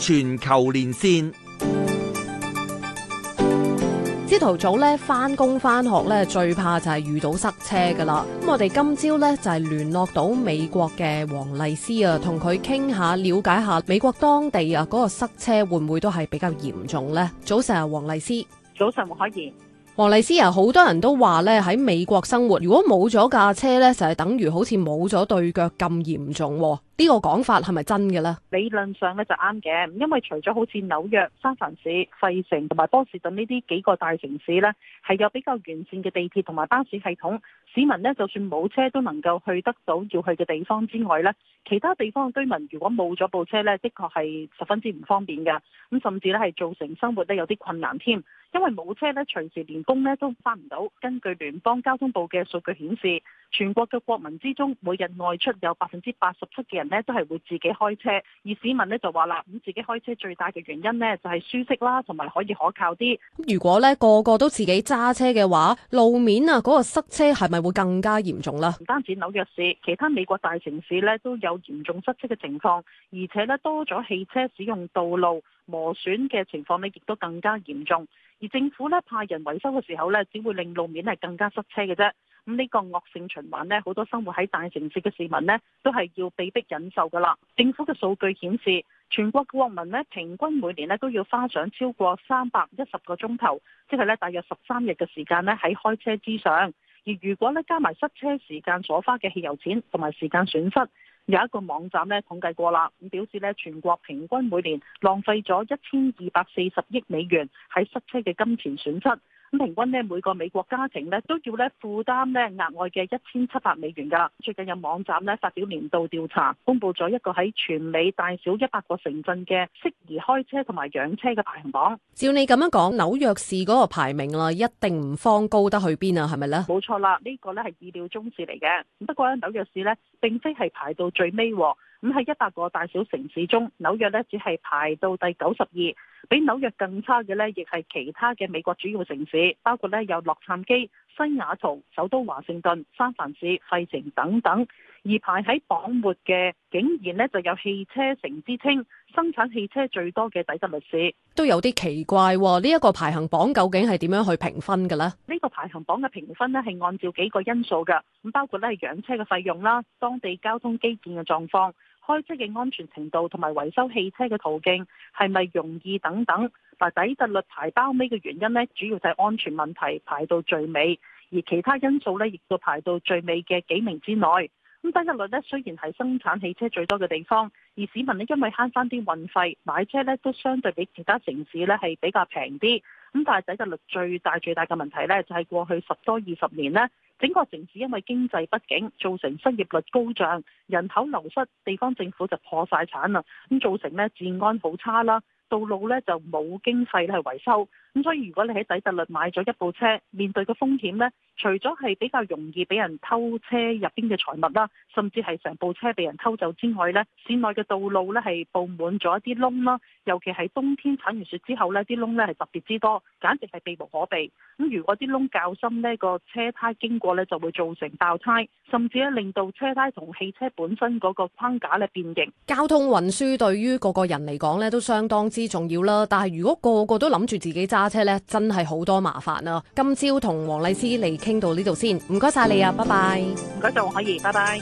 全球連線，朝頭早咧，翻工翻學咧，最怕就係遇到塞車噶啦。咁我哋今朝咧就係、是、聯絡到美國嘅黃麗施啊，同佢傾下，了解下美國當地啊嗰個塞車會唔會都係比較嚴重咧？早晨啊，黃麗施，早晨，凱宜。黃麗施啊，好多人都話咧，喺美國生活，如果冇咗架車咧，就係等於好似冇咗對腳咁嚴重、啊。呢個講法係咪真嘅呢？理論上呢就啱嘅，因為除咗好似紐約、三藩市、費城同埋波士頓呢啲幾個大城市呢，係有比較完善嘅地鐵同埋巴士系統，市民呢，就算冇車都能夠去得到要去嘅地方之外呢，其他地方嘅居民如果冇咗部車呢，的確係十分之唔方便嘅，咁甚至呢，係造成生活呢有啲困難添，因為冇車呢，隨時連工呢都翻唔到。根據聯邦交通部嘅數據顯示，全國嘅國民之中，每日外出有百分之八十七嘅人。咧都係會自己開車，而市民咧就話啦，咁自己開車最大嘅原因咧就係舒適啦，同埋可以可靠啲。如果咧個個都自己揸車嘅話，路面啊嗰個塞車係咪會更加嚴重啦？唔單止紐約市，其他美國大城市咧都有嚴重塞車嘅情況，而且咧多咗汽車使用道路磨損嘅情況咧，亦都更加嚴重。而政府咧派人維修嘅時候咧，只會令路面係更加塞車嘅啫。咁呢個惡性循環呢，好多生活喺大城市嘅市民呢，都係要被迫忍受噶啦。政府嘅數據顯示，全國嘅國民呢，平均每年呢都要花上超過三百一十個鐘頭，即係呢大約十三日嘅時間呢喺開車之上。而如果呢加埋塞車時間所花嘅汽油錢同埋時間損失，有一個網站呢統計過啦，咁表示呢全國平均每年浪費咗一千二百四十億美元喺塞車嘅金錢損失。咁平均咧，每個美國家庭咧都要咧負擔咧額外嘅一千七百美元㗎。最近有網站咧發表年度調查，公布咗一個喺全美大小一百個城鎮嘅適宜開車同埋養車嘅排行榜。照你咁樣講，紐約市嗰個排名啦，一定唔方高得去邊啊？係咪咧？冇錯啦，呢個咧係意料中事嚟嘅。不過喺紐約市咧，並非係排到最尾。咁喺一百個大小城市中，紐約呢只係排到第九十二，比紐約更差嘅呢亦係其他嘅美國主要城市，包括呢有洛杉磯。西雅圖、首都華盛頓、三藩市、費城等等，而排喺榜末嘅竟然呢就有汽車城之稱，生產汽車最多嘅底特律市，都有啲奇怪、哦。呢、這、一個排行榜究竟係點樣去評分嘅咧？呢個排行榜嘅評分呢係按照幾個因素嘅，咁包括咧係養車嘅費用啦，當地交通基建嘅狀況。開車嘅安全程度同埋維修汽車嘅途徑係咪容易等等，但底特律排包尾嘅原因咧，主要就係安全問題排到最尾，而其他因素咧亦都排到最尾嘅幾名之內。咁底特律咧雖然係生產汽車最多嘅地方，而市民咧因為慳返啲運費買車咧都相對比其他城市咧係比較平啲。咁但係底特律最大最大嘅問題咧就係過去十多二十年咧。整個城市因為經濟不景，造成失業率高漲，人口流失，地方政府就破晒產啦。咁造成呢治安好差啦，道路呢就冇經濟去維修。咁所以如果你喺底特律買咗一部車，面對嘅風險呢，除咗係比較容易俾人偷車入邊嘅財物啦，甚至係成部車被人偷走之外呢，市內嘅道路呢係佈滿咗一啲窿啦，尤其喺冬天鏟完雪之後呢，啲窿呢係特別之多，簡直係避無可避。咁如果啲窿較深呢，個車胎經過呢就會造成爆胎，甚至呢令到車胎同汽車本身嗰個框架呢變形。交通運輸對於個個人嚟講呢都相當之重要啦，但係如果個個都諗住自己揸車咧真係好多麻煩啊！今朝同黃麗施嚟傾到呢度先，唔該晒你啊，拜拜！唔該，仲可以！拜拜。